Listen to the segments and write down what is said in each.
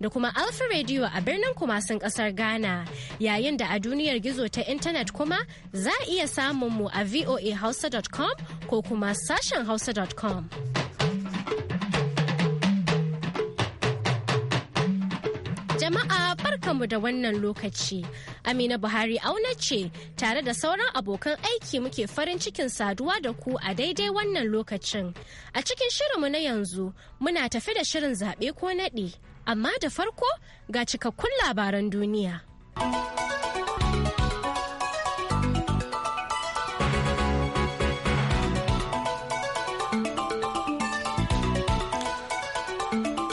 da kuma Alpha Radio a birnin kumasin kasar Ghana. Yayin da a duniyar gizo ta intanet kuma za a iya samun mu a voahausa.com ko kuma sashen hausa.com. Jama'a barkanmu da wannan lokaci. Amina Buhari auna ce tare da sauran abokan aiki muke farin cikin saduwa da ku a daidai wannan lokacin. A cikin shirinmu na yanzu muna tafi da shirin zaɓe ko naɗi, amma da farko ga cikakkun labaran duniya.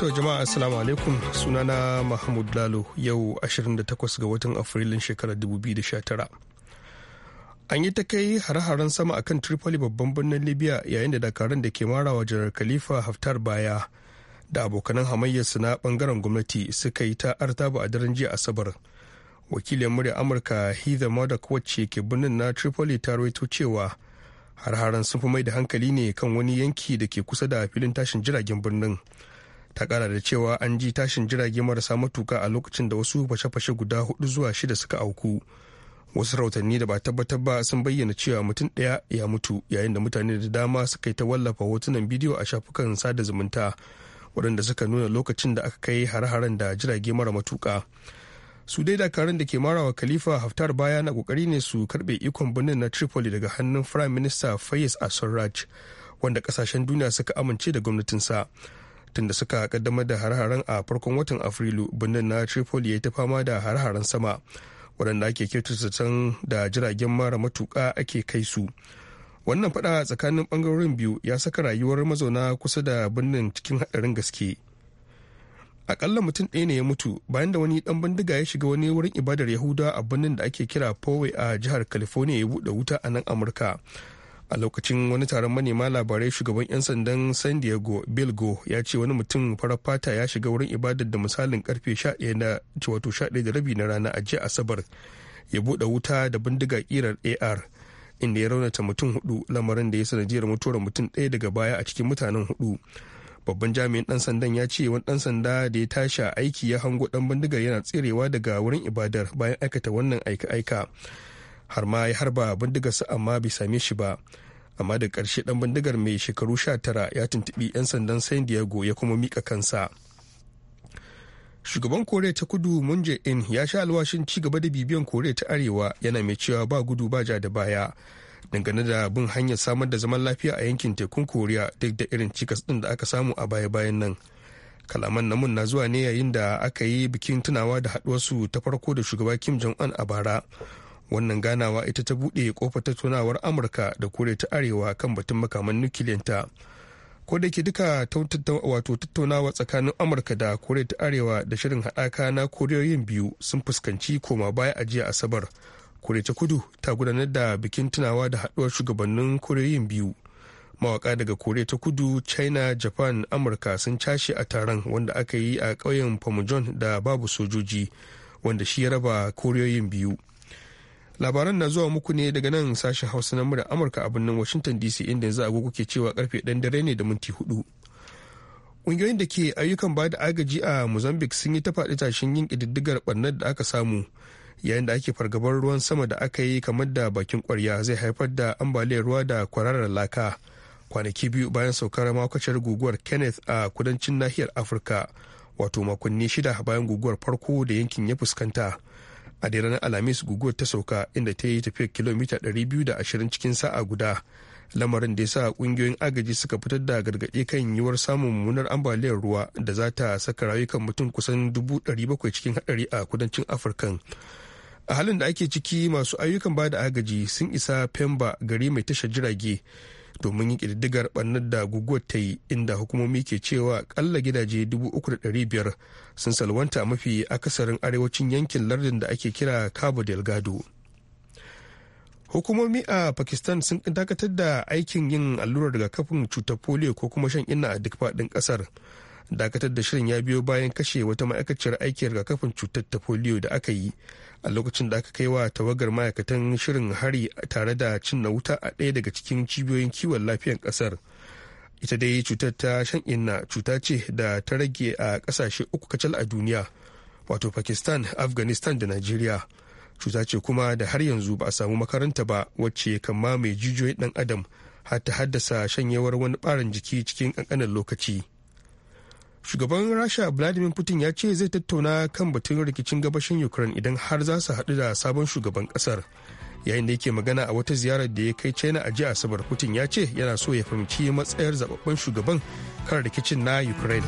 To jama'a assalamu alaikum sunana Mahmud Lalo yau 28 ga watan Afrilun shekarar 2019. An yi ta kai hare-haren sama akan Tripoli babban birnin Libya yayin da dakarun da ke marawa jirar Khalifa Haftar baya da abokanan hamayyarsu na bangaren gwamnati suka yi ta artaba a daren jiya Asabar. Wakilin murya Amurka Heather Murdoch wacce ke birnin na Tripoli ta rawaito cewa har-haren sun fi mai da hankali ne kan wani yanki da ke kusa da filin tashin jiragen birnin. ta kara da cewa an ji tashin jirage marasa matuka a lokacin da wasu fashe-fashe guda hudu zuwa shida suka auku wasu rautanni da ba tabbatar ba sun bayyana cewa mutum ɗaya ya mutu yayin da mutane da dama suka yi ta wallafa hotunan bidiyo a shafukan sada zumunta waɗanda suka nuna lokacin da aka kai har-haren da jirage mara matuka su dai dakarun da ke marawa khalifa haftar baya na kokari ne su karbe ikon birnin na tripoli daga hannun firayim minista fayyaz asarraj wanda kasashen duniya suka amince da gwamnatinsa. sa tunda suka kaddamar da har-haren a farkon watan afrilu birnin na tripoli ya ta fama da har-haren sama waɗanda ake kirtatan da jiragen mara matuka ake kai su wannan fada tsakanin bangarorin biyu ya saka rayuwar mazauna kusa da birnin cikin haɗarin gaske aƙalla mutum ɗaya ne ya mutu bayan da wani ɗan bindiga ya shiga wani wurin ibadar yahuda a birnin da ake kira poway a jihar california ya buɗe wuta a nan amurka a lokacin wani taron manema labarai shugaban 'yan sandan san diego bilgo ya ce wani mutum farar fata ya shiga wurin ibadar da misalin karfe 11 na wato 11 da rabi na rana a jiya asabar ya buɗe wuta da bindiga kirar ar inda ya raunata mutum hudu lamarin da ya sanadiyar mutuwar mutum ɗaya daga baya a cikin mutanen hudu babban jami'in dan sandan ya ce wani dan sanda da ya tashi aiki ya hango dan bindigar yana tserewa daga wurin ibadar bayan aikata wannan aika-aika har ma ya harba bindigarsa amma bai same shi ba amma da ƙarshe ɗan bindigar mai shekaru sha tara ya tuntuɓi 'yan sandan san diego ya kuma mika kansa shugaban koriya ta kudu moon in ya sha alwashin ci gaba da bibiyan koriya ta arewa yana mai cewa ba gudu ba ja da baya dangane da bin hanyar samar da zaman lafiya a yankin tekun koriya duk da irin cikas ɗin da aka samu a baya-bayan nan kalaman namun na zuwa ne yayin da aka yi bikin tunawa da haɗuwarsu ta farko da shugaba kim jong-un a bara wannan ganawa ita ta buɗe kofar tattaunawar amurka da kore ta arewa kan batun makaman nukiliyanta ko da ke duka wato tattaunawa tsakanin amurka da kore ta arewa da shirin haɗaka na koriyoyin biyu sun fuskanci koma baya a jiya asabar kore ta kudu ta gudanar da bikin tunawa da haɗuwar shugabannin koriyoyin biyu mawaka daga kore ta kudu china japan amurka sun cashe a taron wanda aka yi a ƙauyen pomujon da babu sojoji wanda shi ya raba koriyoyin biyu labaran na zuwa muku ne daga nan sashen hausa na murya amurka a birnin washington dc inda yanzu agogo ke cewa karfe ɗan dare ne da minti hudu ƙungiyoyin da ke ayyukan ba da agaji a mozambique sun yi ta faɗi tashin yin ƙididdigar ɓarnar da aka samu yayin da ake fargabar ruwan sama da aka yi kamar da bakin kwarya zai haifar da ambaliyar ruwa da kwararar laka kwanaki biyu bayan saukar makwacar guguwar kenneth a kudancin nahiyar afirka wato makonni shida bayan guguwar farko da yankin ya fuskanta a da ranar alhamis guguwar ta sauka inda ta yi tafiyar kilomita 220 cikin sa'a guda lamarin da ya sa kungiyoyin agaji suka fitar da gargaɗi kan yiwuwar samun mummunar ambaliyar ruwa da za ta saka rayukan mutum kusan 700 cikin haɗari a kudancin afirka a halin da ake ciki masu ayyukan bada agaji sun isa pemba gari mai tashar jirage domin yin ƙididdigar bannar da guguwar ta yi inda hukumomi ke cewa kalla gidaje 3,500 sun salwanta mafi akasarin arewacin yankin lardin da ake kira cabo delgado hukumomi a pakistan sun dakatar da aikin yin allurar daga kafin cutar polio ko kuma shan inna a duk faɗin ƙasar dakatar da shirin ya biyo bayan kashe wata ma'aikaciyar aikin rigakafin cutar ta polio da aka yi a lokacin da aka kai wa tawagar ma'aikatan shirin hari tare da cin na wuta a ɗaya daga cikin cibiyoyin kiwon lafiyar ƙasar ita dai cutar ta shan inna cuta ce da ta rage a ƙasashe uku kacal a duniya wato pakistan afghanistan da nigeria cuta ce kuma da har yanzu ba a samu makaranta ba wacce kan mamaye jijiyoyin ɗan adam har ta haddasa shanyewar wani ɓarin jiki cikin ƙanƙanin lokaci shugaban rasha vladimir putin ya ce zai tattauna kan batun rikicin gabashin ukraine idan har za su haɗu da sabon shugaban ƙasar yayin da yake magana a wata ziyarar da ya kai china a jiya asabar putin ya ce yana so ya fahimci matsayar zababben shugaban kan rikicin na ukraine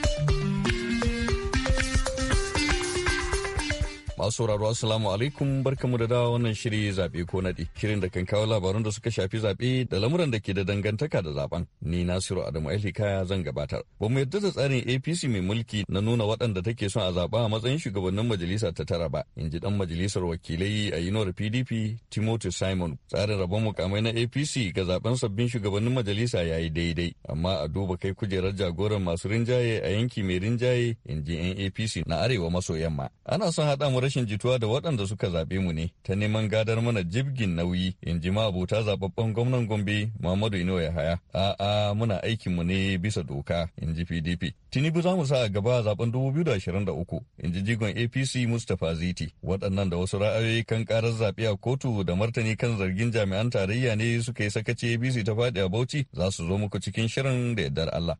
Masu sauraro Assalamu alaikum barkamu da dawa wannan shiri zaɓe ko naɗi. Shirin da kan kawo labarun da suka shafi zaɓe da lamuran da ke da dangantaka da zaben. Ni Nasiru Adamu kaya zan gabatar. Ba mu yarda da tsarin APC mai mulki na nuna waɗanda take son a zaɓa a matsayin shugabannin majalisa ta tara ba. In ji ɗan majalisar wakilai a yinuwar PDP Timothy Simon. Tsarin rabon mukamai na APC ga zaben sabbin shugabannin majalisa ya yi daidai. Amma a duba kai kujerar jagoran masu rinjaye a yanki mai rinjaye in ji 'yan APC na arewa maso yamma. Ana son haɗa mu rashin jituwa da waɗanda suka zaɓe mu ne ta neman gadar mana jibgin nauyi in ji ma abota zababben gwamnan Gombe Muhammadu Ino Yahaya. A'a muna aikin mu ne bisa doka in ji PDP. Tinubu za mu sa a gaba zaben 2023 in ji jigon APC Mustapha Ziti. Waɗannan da wasu ra'ayoyi kan karar zaɓe a kotu da martani kan zargin jami'an tarayya ne suka yi sakaci APC ta faɗi a Bauchi za su zo muku cikin shirin da yardar Allah.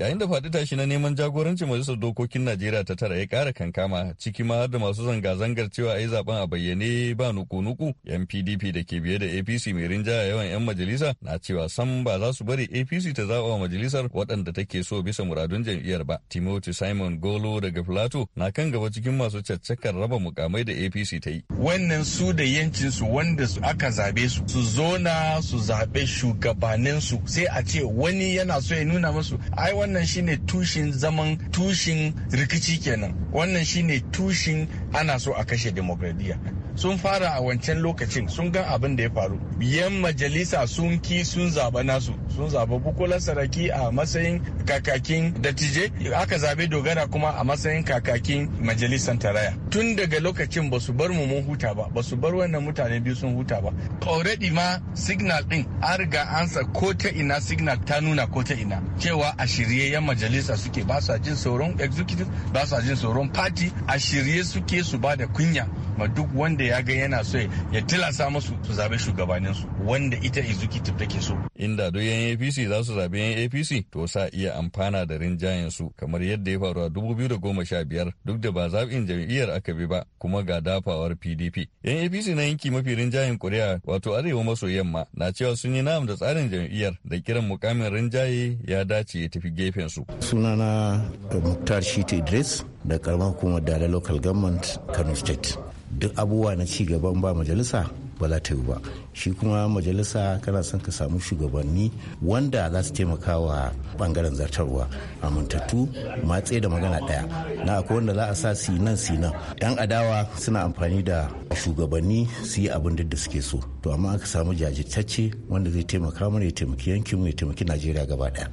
Yayin da faɗi tashi na neman jagorancin majalisar dokokin Najeriya ta tara ya kara kankama ciki ma har da masu zanga-zangar cewa a yi zaben a bayyane ba nuku-nuku yan PDP da ke biye da APC mai rinjaya yawan 'yan majalisa na cewa sam ba za su bari APC ta zaɓa majalisar waɗanda take so bisa muradun jam'iyyar ba. Timothy Simon Golo daga Filato na kan gaba cikin masu caccakar raba mukamai da APC ta yi. Wannan su da yancinsu wanda su aka zabe su su zo na su zaɓe shugabaninsu sai a ce wani yana so ya nuna musu ai wannan shine tushin zaman tushin rikici kenan wannan shine tushin ana so a kashe demokradiyya sun fara a wancan lokacin sun ga abin da ya faru yan majalisa sun ki sun zaba nasu sun zaba bukola saraki a matsayin kakakin dattijai aka zabe dogara kuma a matsayin kakakin majalisar taraya tun daga lokacin ba su bar mu mun huta ba ba su bar wannan mutane biyu sun huta ba already ma signal din an riga ansa ko ta ina signal ta nuna ko ta ina cewa a shirye yan majalisa suke ba su jin tsoron executive ba su jin tsoron party a shirye suke su ba da kunya ma duk wanda wanda ya ga yana so ya tilasa musu su zabe shugabanin su wanda ita tip take so inda duk yan APC za su zabe yan APC to sa iya amfana da rinjayen su kamar yadda ya faru a 2015 duk da ba zaɓin jam'iyyar aka bi ba kuma ga dafawar PDP yan APC na yanki mafi rinjayen Kuri'a wato arewa maso yamma na cewa sun yi na'am da tsarin jam'iyyar da kiran mukamin rinjaye ya dace ya tafi gefen su sunana eh, Muktar Shite Idris da karamar hukumar Dala Local Government Kano State duk abubuwa na ci gaban ba majalisa ba za ta yi ba shi kuma majalisa kana son ka samu shugabanni wanda za su taimaka wa bangaren zartarwa amintattu matse da magana daya na akwai wanda za a sa su nan su nan yan adawa suna amfani da shugabanni su yi abin da suke so to amma aka samu jajitacce wanda zai taimaka mana ya taimaki yankinmu ya taimaki najeriya gaba daya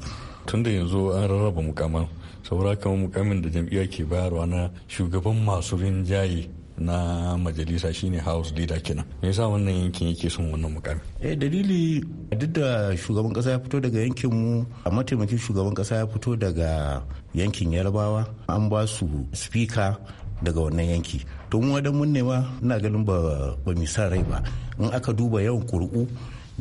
tun da yanzu an rarraba mukaman saura kamar mukamin da jam'iyya ke bayarwa na shugaban masu rinjaye na majalisa shine house leader kenan me yasa wannan yankin yake son wannan mukami eh dalili duk da shugaban kasa ya fito daga yankin mu a mataimakin shugaban kasa ya fito daga yankin yarbawa an ba su speaker daga wannan yanki to mu wadan mun nema ina ganin ba ba sa rai ba in aka duba yawan kurku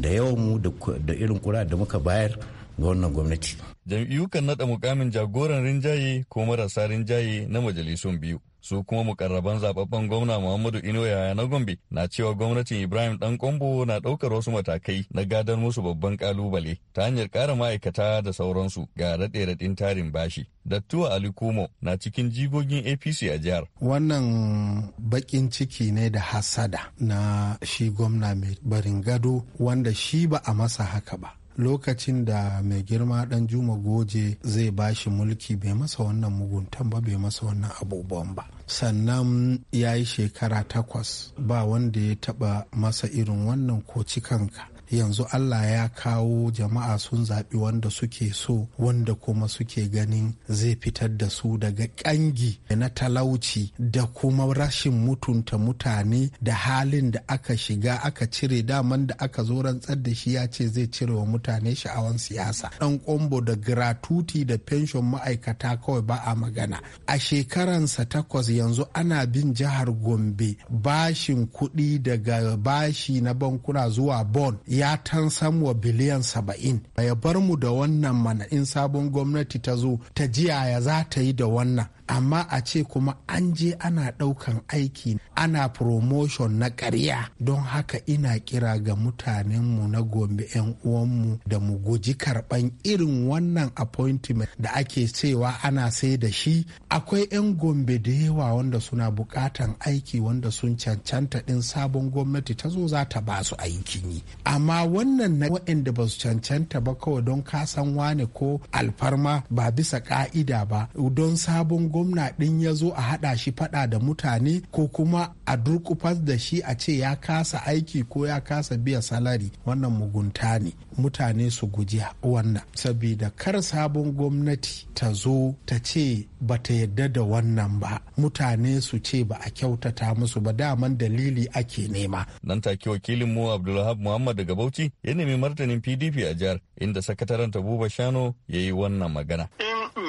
da yawan mu da irin kura da muka bayar ga wannan gwamnati jam'iyyu kan nada mukamin jagoran rinjaye ko marasa rinjaye na majalisun biyu su kuma mukarraban zababben gwamna Muhammadu Ino Yaya na Gombe na cewa gwamnatin Ibrahim Dan Kombo na ɗaukar wasu matakai na gadar musu babban kalubale ta hanyar ƙara ma'aikata da sauransu ga raɗe-raɗin tarin bashi. Dattuwa Ali Kumo na cikin jigogin APC a jihar. Wannan baƙin ciki ne da hasada na shi gwamna mai barin gado wanda shi ba a masa haka ba. lokacin da mai girma dan juma goje zai ba shi mulki bai masa wannan muguntan ba bai masa wannan abubuwan ba sannan ya yi shekara takwas ba wanda ya taba masa irin wannan ko cikanka yanzu allah ya kawo jama'a sun zaɓi wanda suke so wanda kuma suke ganin zai fitar da su daga ƙangi na talauci da kuma rashin mutunta mutane da halin da aka shiga aka cire daman da aka zo rantsar da shi ya ce zai cire wa mutane sha'awan siyasa ɗan kombo da gratuti da fenshon ma'aikata kawai ba a magana a shekaransa takwas yanzu ana bin jihar gombe bashin kuɗi daga bashi na bankuna zuwa bon ya tan wa biliyan saba'in ya bar mu da wannan mana in sabon gwamnati ta zo ta jiya ya za ta yi da wannan amma a ce kuma an je ana ɗaukan aiki ana promotion na ƙarya don haka ina kira ga mutanenmu na gombe 'yan uwanmu da mu guji karɓan irin wannan appointment da ake cewa ana sai da shi akwai 'yan gombe da yawa wanda suna bukatan aiki wanda sun cancanta ɗin sabon gwamnati ta zo za ta ba su aikin yi amma wannan na waɗanda ba su cancanta ba kawai don kasan wane ko alfarma ba bisa ka'ida ba don sabon gwamna din ya zo a haɗa shi faɗa da mutane ko kuma a durkufas da shi a ce ya kasa aiki ko ya kasa biya salari wannan mugunta ne mutane su guji wannan sabida kar sabon gwamnati ta zo ta ce ba ta yadda da wannan ba mutane su ce ba a kyautata musu ba daman dalili ake nema nan take wakilin mu abdulhab muhammad daga bauchi ya nemi martanin pdp a jihar inda sakataren tabuba shano ya yi wannan magana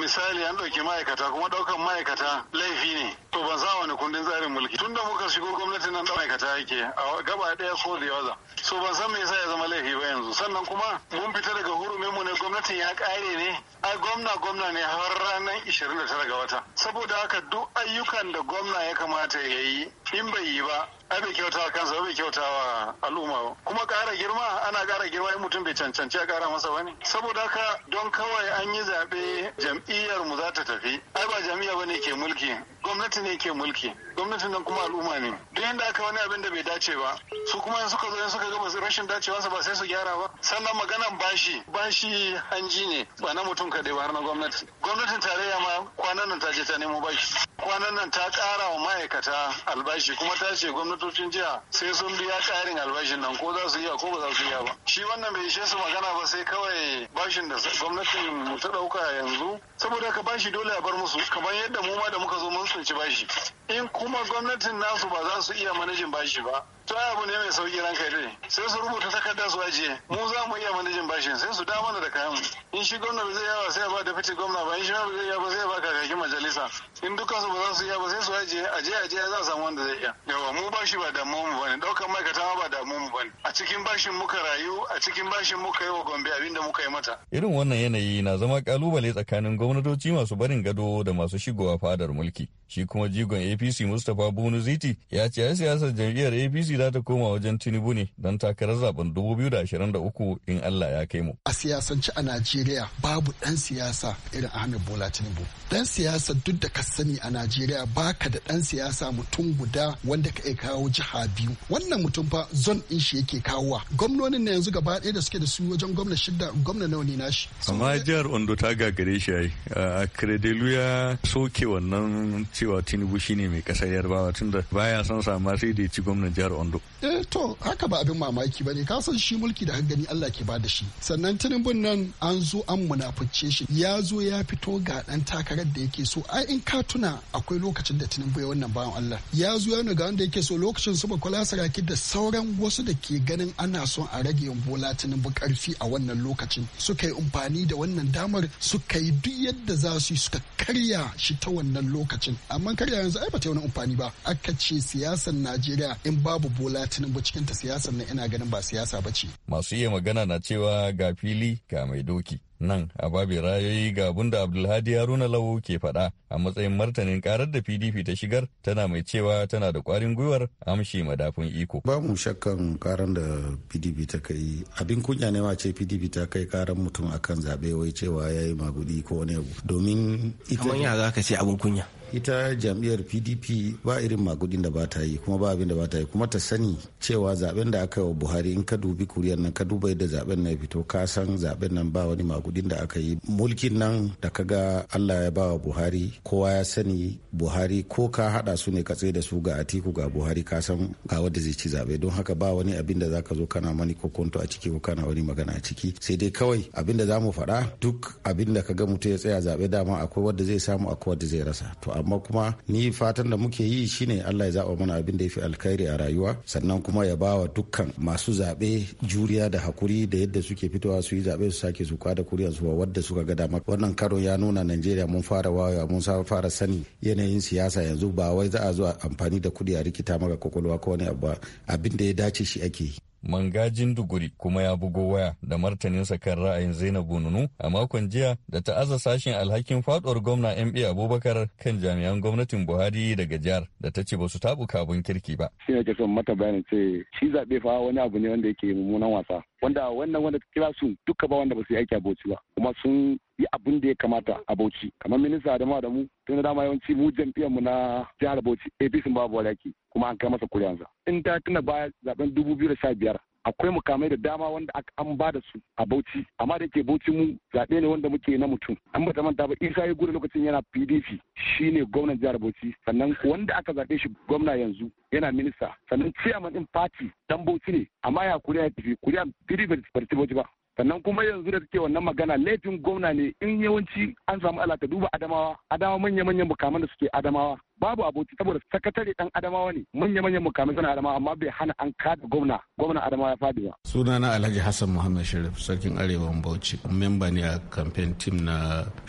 misali an ɗauki ma'aikata kuma ɗaukan ma'aikata laifi ne to ban sa wani kundin tsarin mulki tun da muka shigo gwamnatin nan da ma'aikata yake a gaba daya ko da yawa so ban san me yasa ya zama laifi ba yanzu sannan kuma mun fita daga hurumin mu ne gwamnatin ya kare ne ai gwamna gwamna ne har ranar tara ga wata saboda haka duk ayyukan da gwamna ya kamata ya yi in bai yi ba ai bai kyauta wa kansa bai kyauta wa al'umma ba kuma ƙara girma ana ƙara girma in mutum bai cancanci a ƙara masa wani saboda haka don kawai an yi zaɓe jam'iyyar mu za ta tafi ai ba jam'iyya ne ke mulki gwamnati ne ke mulki gwamnatin nan kuma al'umma ne duk yadda aka wani abin da bai dace ba su kuma yanzu suka zo suka ga rashin dacewa ba sai su gyara ba sannan maganan bashi bashi hanji ne ba na mutum kaɗai ba har na gwamnati gwamnatin tarayya ma kwanan nan ta je ta nemo bashi kwanan nan ta ƙara wa ma'aikata albashi kuma ta ce gwamnatocin jiha sai sun biya ƙarin albashin nan ko za su iya ko ba za su iya ba shi wannan bai ishe su magana ba sai kawai bashin da gwamnatin mu ta ɗauka yanzu saboda ka bashi dole a bar musu kamar yadda mu ma da muka zo mun su bashi in kuma gwamnatin nasu ba za su iya manajin bashi ba to ai abu ne mai sauki ranka ne sai su rubuta takarda su ajiye mu za mu iya manajin bashin sai su dawo mana da kayan in shi gwamna ba zai yawa sai ba da fiti gwamna ba in shi ba zai yawa ba sai ba kakakin majalisa in dukkan su ba za su iya ba sai su ajiye aje-aje za a samu wanda zai iya yawa mu bashi ba damuwa mu bane daukan ma'aikata ba damuwa mu bane a cikin bashin muka rayu a cikin bashin muka yi wa gombe abin da muka yi mata irin wannan yanayi na zama kalubale tsakanin gwamnatoci masu barin gado da masu shigowa fadar mulki shi kuma jigon apc mustapha bonu ziti ya ce ya siyasar jam'iyyar apc za ta koma wajen tinubu ne don takarar zaben 2023 in allah ya kai mu a siyasance a najeriya babu dan siyasa irin ahmed bola tinubu dan siyasa duk da ka sani a najeriya baka da dan siyasa mutum guda wanda ka kawo jiha biyu wannan mutum fa zon din shi yake kawowa gwamnonin na yanzu gaba ɗaya da suke da su wajen gwamna shida gwamna nawa ne nashi amma jihar ondo ta gagare shi yi a kredeluya soke wannan cewa tinubu shine mai kasar yarbawa tunda baya son sa amma sai da ya ci gwamnan jihar ondo eh to haka ba abin mamaki ba ne kasan shi mulki da gani Allah ke bada shi sannan tunin nan an zo an munafice shi ya zo ya fito ga dan takarar da yake so ai in ka tuna akwai lokacin da tunin ya wannan bawan Allah ya zo ya ga wanda yake so lokacin su Bukola Saraki da sauran wasu da ke ganin ana son a rage yin bola tunin bu karfi a wannan lokacin suka yi umfani da wannan damar suka yi duk yadda za su yi suka karya shi ta wannan lokacin amma karya yanzu ai ba ta yi wani umfani ba aka ce siyasar Najeriya in babu bola tinubu cikin ta siyasar na ina ganin ba siyasa ba ce. masu iya magana na cewa ga fili ga mai doki nan a babi rayoyi ga bunda da abdulhadi haruna lawo ke faɗa a matsayin martanin karar da pdp ta shigar tana mai cewa tana da kwarin gwiwar amshi madafin iko ba mu shakkan karar da pdp ta kai abin kunya ne ma ce pdp ta kai karar mutum akan zabe wai cewa ya yi magudi ko wani abu domin ita ya za ka ce abin kunya ita jam'iyyar pdp ba irin magudin da ba ta yi kuma ba abin da ba ta yi kuma ta sani cewa zaben da aka yi wa buhari in ka dubi kuriyar nan ka duba yadda zaben na ya fito ka san zaben nan ba wani magudin da aka yi mulkin nan da ka ga allah ya ba wa buhari kowa ya sani buhari ko ka hada su ne ka tsaye da su ga atiku ga buhari ka san ga wanda zai ci zabe don haka ba wani abin da za ka zo kana mani kokonto a ciki ko kana wani magana a ciki sai dai kawai abin da za mu faɗa duk abin da ka ga mutum ya tsaya zabe dama akwai wanda zai samu akwai wanda zai rasa to amma kuma ni fatan da muke yi shine Allah ya zaba mana abin da ya fi alkhairi a rayuwa sannan kuma ya bawa dukkan masu zaɓe juriya da hakuri da yadda suke fitowa su yi zaɓe su sake su kwada kuriyar su wadda suka ga dama wannan karo ya nuna Najeriya mun fara wayewa mun fara sani yanayin siyasa yanzu ba wai za a zo amfani da kuɗi a rikita maka kwakwalwa ko wani abu abin da ya dace shi ake yi. mangajin duguri kuma ya bugo waya da martaninsa kan ra'ayin zainabu nunu a makon jiya da ta aza sashen alhakin faduwar gwamna mba abubakar kan jami'an gwamnatin buhari daga jihar da ta ce ba su tabu kabun kirki ba shi ne son mata bayanin ce shi zaɓe fa wani abu ne wanda yake mummunan wasa wanda wannan wanda kira su duka ba wanda ba su yi aiki a bauchi ba kuma sun yi abin da ya kamata a Bauchi kamar minista da mu tun da dama yawanci mu jam'iyyar mu na jihar Bauchi APC babu walaki kuma an kai masa kuriyansa in ta tuna baya zaben biyar. akwai mukamai da dama wanda an ba da su a Bauchi amma da yake Bauchi mu zaɓe ne wanda muke na mutum an ba manta ba Isa ya gudu lokacin yana PDP shine gwamnan jihar Bauchi sannan wanda aka zaɓe shi gwamna yanzu yana minista sannan chairman din Fati dan Bauchi ne amma ya kuriya ya tafi kuriya PDP ba ta Bauchi ba sannan kuma yanzu da take wannan magana laifin gwamna ne in yawanci an samu ta duba adamawa adama manya-manyan bukaman da suke adamawa babu aboki saboda sakatare dan adamawa ne manya manyan mukamin suna adamawa amma bai hana an kada gwamna gwamna adamawa ya fadi ba sunana alhaji hassan muhammad sharif sarkin arewa bauchi memba ne a campaign team na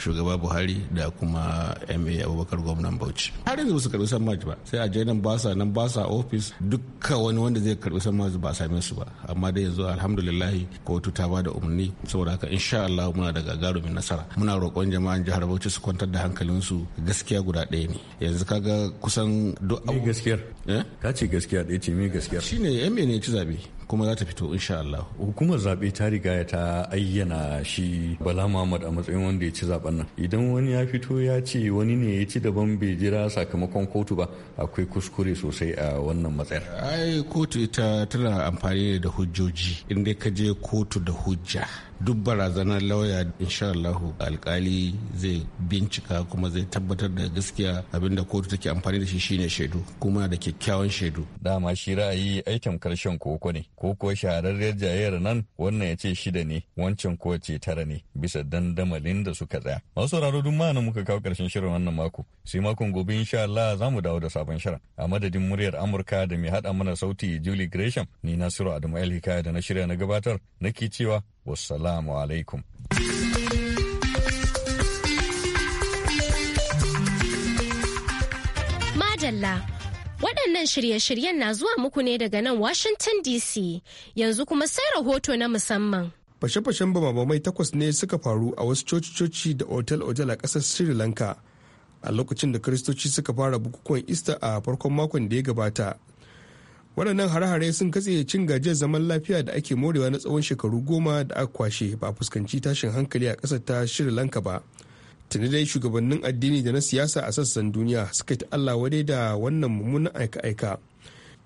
shugaba buhari da kuma ma abubakar gwamnan bauchi har yanzu su karbi maji ba sai a je nan ba sa nan ba sa office dukka wani wanda zai karbi maji ba a same su ba amma dai yanzu alhamdulillah kotu ta bada umarni saboda haka insha Allah muna da gagarumin nasara muna roƙon jama'an jihar Bauchi su kwantar da hankalinsu gaskiya guda ɗaya ne yanzu kaga kusan duk abu gaskiyar eh? ka ce gaskiya ɗaya ce mi gaskiyar ne yan ne ci zabe kuma za ta fito insha Allah. Hukumar zaɓe ta riga ta ayyana shi Bala Muhammad a matsayin wanda ya ci zaben nan. Idan wani ya fito ya ce wani ne ya ci daban bai jira sakamakon kotu ba akwai kuskure sosai a wannan matsayar. Ai kotu ita tana amfani da hujjoji in dai ka je kotu da hujja. Duk barazanar lauya insha Allah alkali zai bincika kuma zai tabbatar da gaskiya abinda kotu take amfani da shi shine shaidu kuma da kyakkyawan shaidu. Dama shi ra'ayi aikin karshen koko ne. ko kuwa shahararriyar jayayyar nan wannan ya ce shida ne wancan ko ce tara ne bisa dandamalin da suka tsaya masu sauraro duk ma'ana muka kawo karshen shirin wannan mako sai makon gobe insha Allah za mu dawo da sabon shirin a madadin muryar Amurka da mai haɗa mana sauti Julie Gresham ni Nasiru Adamu El Hikaya da na shirya na gabatar nake cewa wassalamu alaikum Madalla Waɗannan shirye-shiryen na zuwa muku ne daga nan Washington DC yanzu kuma sai rahoto na musamman. Fashe-fashen mai takwas ne suka faru a wasu coci-coci da otel-otel a ƙasar Sri Lanka a lokacin da Kiristoci suka fara bukukuwan Easter a farkon makon da ya gabata. Waɗannan hare-hare sun katse cin gajiyar zaman lafiya da ake morewa na tsawon shekaru goma da aka kwashe ba fuskanci tashin hankali a ƙasar ta Sri Lanka ba. tuni dai shugabannin addini da na siyasa a sassan duniya suka ta allah wadai da wannan mummunan aika-aika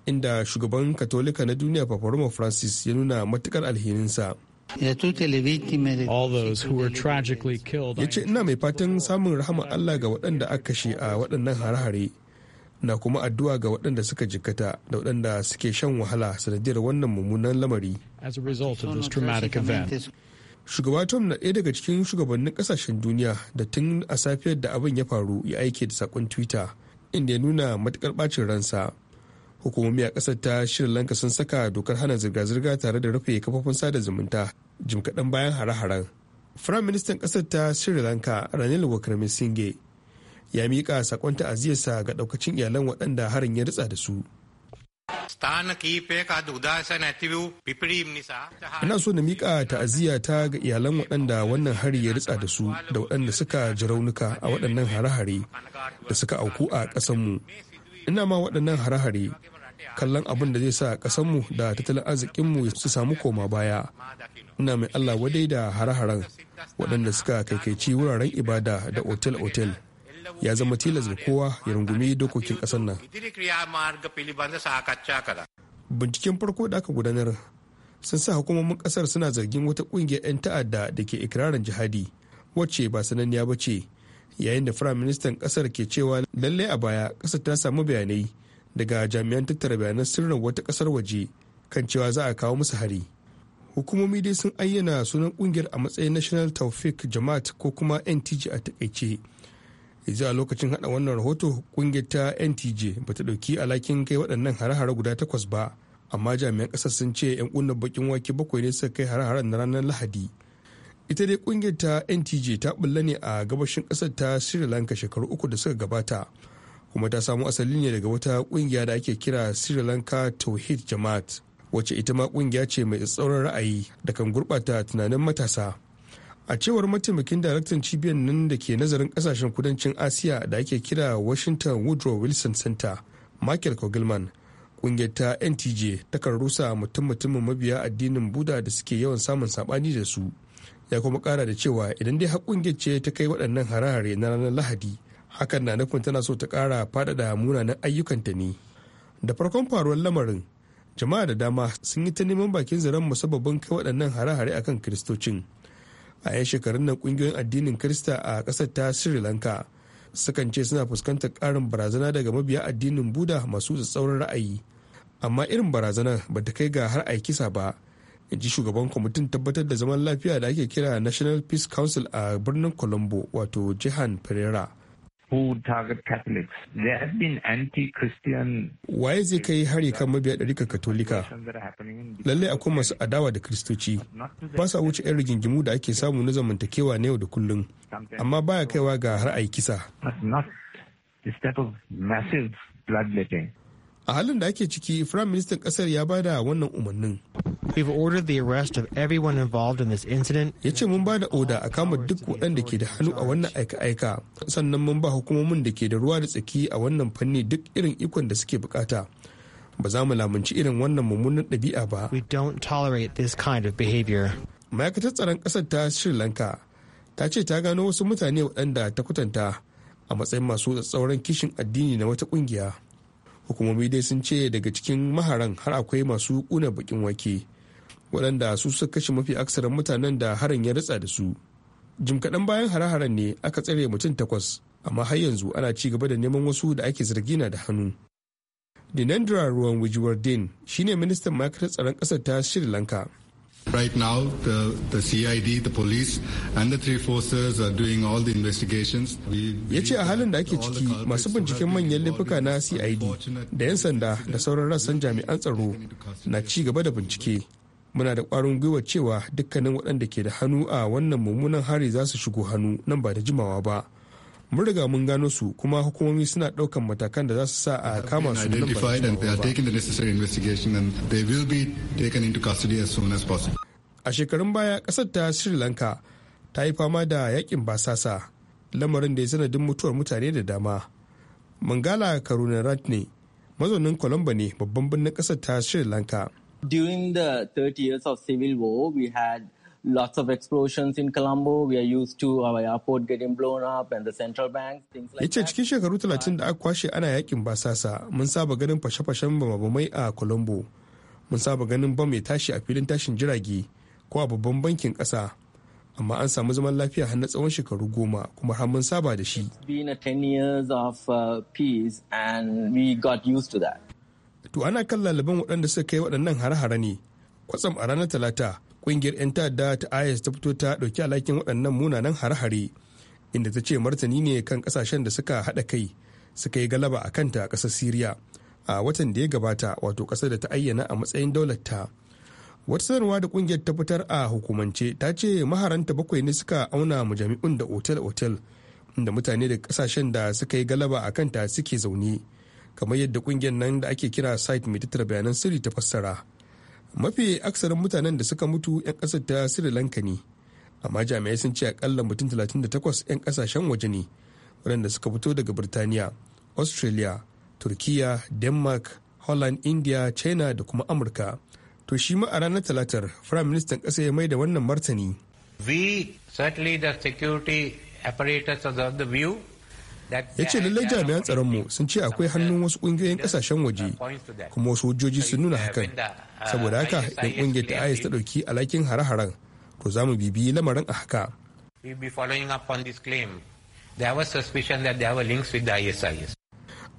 inda shugaban katolika na duniya paparoma francis ya nuna matukar alhininsa ya ce ina mai fatan samun rahama allah ga waɗanda aka kashe a waɗannan hare-hare na kuma addu'a ga waɗanda suka jikkata da waɗanda suke shan wahala sanadiyar wannan mummunan lamari shugaba tom na ɗaya daga cikin shugabannin ƙasashen duniya da tun a safiyar da abin ya faru ya aike da sakon twitter inda ya nuna matukar ɓacin ransa hukumomi a ƙasar ta shirin lanka sun saka dokar hana zirga-zirga tare da rufe kafofin sada zumunta jim kaɗan bayan hare-haren firayim ministan ƙasar ta shirin lanka ranil wickremesinghe ya miƙa saƙon ta'aziyarsa ga ɗaukacin iyalan waɗanda harin ya ritsa da su ස්ථාන කීපයක අද උදාසන ඇති වූ පිපිරීම් නිසා ina so na mika ta'aziyya ta ga iyalan waɗanda wannan hari ya ritsa da su da waɗanda suka ji raunuka a waɗannan harahare da suka auku a ƙasanmu ina ma waɗannan harahare kallon abin da zai sa ƙasanmu da tattalin arzikinmu su samu koma baya ina mai allah wadai da hare-haren waɗanda suka kaikaici wuraren ibada da otal-otal. ya zama tilas ga kowa ya rungumi dokokin kasar nan binciken farko da aka gudanar sun sa hukumomin ƙasar suna zargin wata ƙungiyar 'yan ta'adda da ke ikirarin jihadi wacce ba sananniya ba ce yayin da firaministan ƙasar ke cewa lallai a baya ƙasar ta samu bayanai daga jami'an tattara bayanan sirrin wata ƙasar waje kan cewa za a kawo musu hari hukumomi dai sun ayyana sunan kungiyar a matsayin national taufik jamaat ko kuma ntg a takaice zuwa lokacin hada wannan rahoto kungiyar ta ntj ba ta dauki alakin kai waɗannan hare-hare guda takwas ba amma jami'an ƙasar sun ce 'yan kunnan bakin wake bakwai ne suka kai hare-haren na ranar lahadi ita dai kungiyar ta ntj ta bulla ne a gabashin ƙasar ta sri lanka shekaru uku da suka gabata kuma ta samo asali ne daga wata kungiya da ake kira sri lanka tauhid jamaat wacce ita ma kungiya ce mai tsauran ra'ayi da kan gurɓata tunanin matasa a cewar mataimakin daraktan cibiyar nan da ke nazarin kasashen kudancin asiya da ake kira washington woodrow wilson center michael kogelman kungiyar ta ntj takan rusa mutum-mutumin mabiya addinin buda da suke yawan samun sabani da su ya kuma kara da cewa idan dai kungiyar ce ta kai waɗannan harare na ranar lahadi hakan na nufin tana so ta kara faɗaɗa munanan ayyukanta ne da farkon faruwar lamarin jama'a da dama sun yi ta neman bakin zaren musabbabin kai waɗannan hare-hare akan kiristocin a yan shekarun nan kungiyoyin addinin krista a ƙasar ta sri lanka sukan ce suna fuskantar ƙarin barazana daga mabiya addinin buda masu tsatsauran ra'ayi amma irin barazana ba ta kai ga har a kisa ba in ji shugaban kwamitin tabbatar da zaman lafiya da ake kira national peace council a birnin colombo wato jihan pereira who target Catholics. There have been anti-Christian. Waye zai kai hari kan mabiya ɗarika Katolika? Lallai akwai masu adawa da Kiristoci. Ba sa wuce 'yan rigingimu da ake samu na zamantakewa na yau da kullum. Amma baya kaiwa ga har kisa. a halin da ake ciki firayim ministan kasar ya bada wannan umarnin ya ce mun bada oda a kama duk waɗanda ke da hannu a wannan aika-aika sannan mun ba hukumomin da ke da ruwa da tsaki a wannan fanni duk irin ikon da suke bukata ba za mu lamunci irin wannan mummunan ɗabi'a ba we don't tolerate this kind of behavior. ma'aikatar tsaron ƙasar ta sri lanka ta ce ta gano wasu mutane waɗanda ta kwatanta a matsayin masu tsauran kishin addini na wata ƙungiya hukumomi dai sun ce daga cikin maharan har akwai masu kuna bakin wake waɗanda su suka kashe mafi aksarin mutanen da harin ya ritsa da su jim kaɗan bayan hare-haren ne aka tsare mutum takwas amma har yanzu ana ci gaba da neman wasu da ake zargina da hannu dinandra ruwan wijiwar din shine ministan ma'aikatar tsaron ƙasar ta sri lanka Right now, the, the CID, the police, and the three forces are doing all the investigations. Ya ce a halin da ake ciki masu binciken manyan laifuka na CID da 'yan sanda da sauran rassan jami'an tsaro na ci gaba da bincike. Muna da ƙwarin gwiwa cewa dukkanin waɗanda ke da hannu a wannan mummunan hari za su shigo hannu nan ba da jimawa ba. mun riga mun gano su kuma hukumomi suna daukan matakan da za su sa a kama su nan a shekarun baya kasar ta sri lanka ta yi fama da yakin basasa lamarin da ya sanadin mutuwar mutane da dama mangala karunan ratne mazaunin colombo ne babban birnin kasar ta sri lanka During the 30 years of civil war, we had lots of explosions in Colombo. We are used to our airport getting blown up and the central bank, things like Yace cikin shekaru 30 da aka kwashe ana yakin basasa mun saba ganin fashe-fashen bamabamai a Colombo. Mun saba ganin bam mai tashi a filin tashin jirage ko a babban bankin kasa Amma an samu zaman lafiya har na tsawon shekaru goma kuma har mun saba da shi. To ana kan laliban waɗanda suka kai waɗannan hare-hare ne. Kwatsam a ranar Talata, kungiyar 'yan ta'adda ta is ta fito ta ɗauki alhakin waɗannan munanan hare-hare inda ta ce martani ne kan kasashen da suka haɗa kai suka yi galaba a kanta a ƙasar siriya a watan da ya gabata wato ƙasar da ta ayyana a matsayin daular wata sanarwa da kungiyar ta fitar a hukumance ta ce maharanta bakwai ne suka auna majami'un da otel-otel inda mutane da kasashen da suka yi galaba a kanta suke zaune kamar yadda kungiyar nan da ake kira site mai tattara bayanan sirri ta fassara mafi aksarin mutanen da suka mutu 'yan kasar ta sri lanka ne amma jami'ai sun ce akalla mutum 38 'yan kasashen waje ne waɗanda suka fito daga birtaniya australia turkiya denmark holland india china da kuma amurka to shi ma a ranar talatar firayim ministan ƙasa ya mai da wannan martani we certainly the security apparatus of the view ya ce lallai jami'an tsaronmu sun ce akwai hannun wasu ƙungiyoyin ƙasashen waje kuma wasu hujjoji sun nuna hakan saboda haka idan ƙungiyar ta is ta ɗauki alakin hare-haren to za mu bibiyi lamarin a haka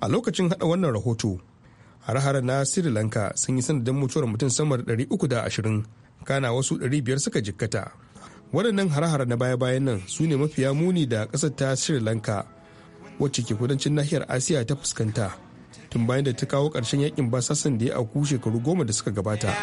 a lokacin hada wannan rahoto hare-hare na sri lanka sun yi sanadin mutuwar mutum sama da 320 kana wasu 500 suka jikkata waɗannan hare-hare na baya-bayan nan su ne mafiya muni da ƙasar ta sri lanka wacce ke kudancin nahiyar asiya ta fuskanta tun bayan da ta kawo ƙarshen yakin basasan da ya auku shekaru goma da suka gabata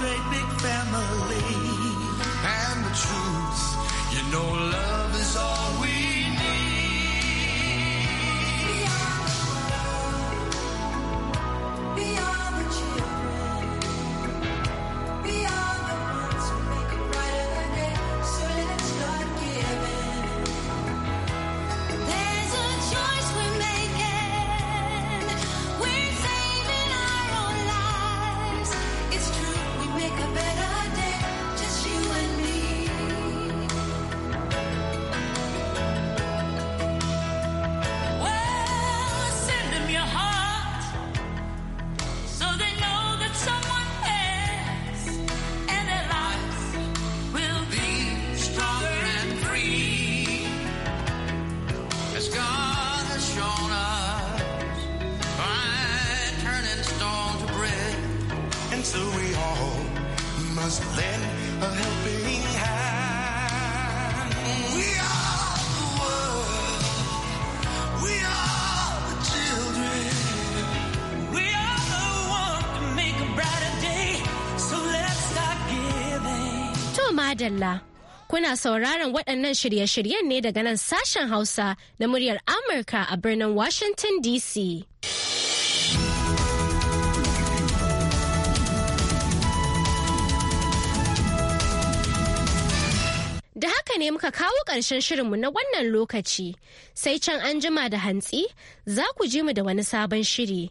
great big family. And the truth, you know, love is all we as God has shown us by turning stone to bread. And so we all must lend a helping hand. We are the world. We are the children. We are the one to make a brighter day. So let's start giving. To Madalla. Kuna sauraron waɗannan shirye-shiryen ne daga nan sashen Hausa na muryar Amurka a birnin Washington DC. Da haka ne muka kawo ƙarshen shirinmu na wannan lokaci, sai can anjima da hantsi za ku ji mu da wani sabon shiri.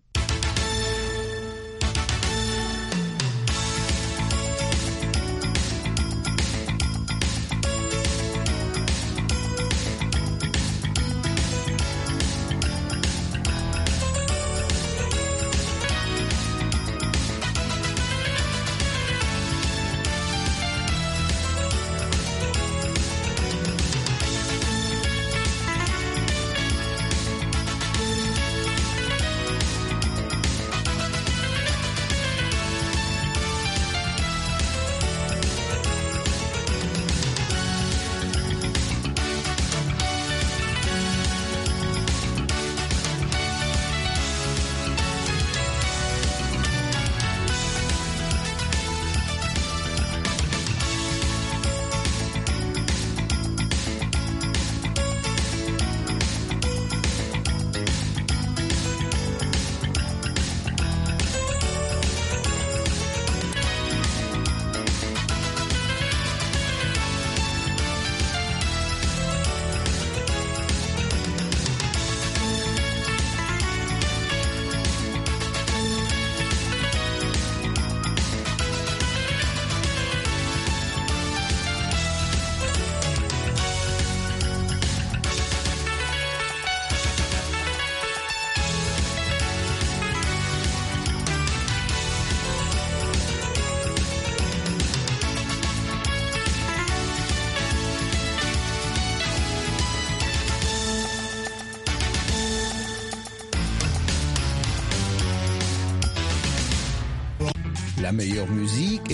meilleure musique et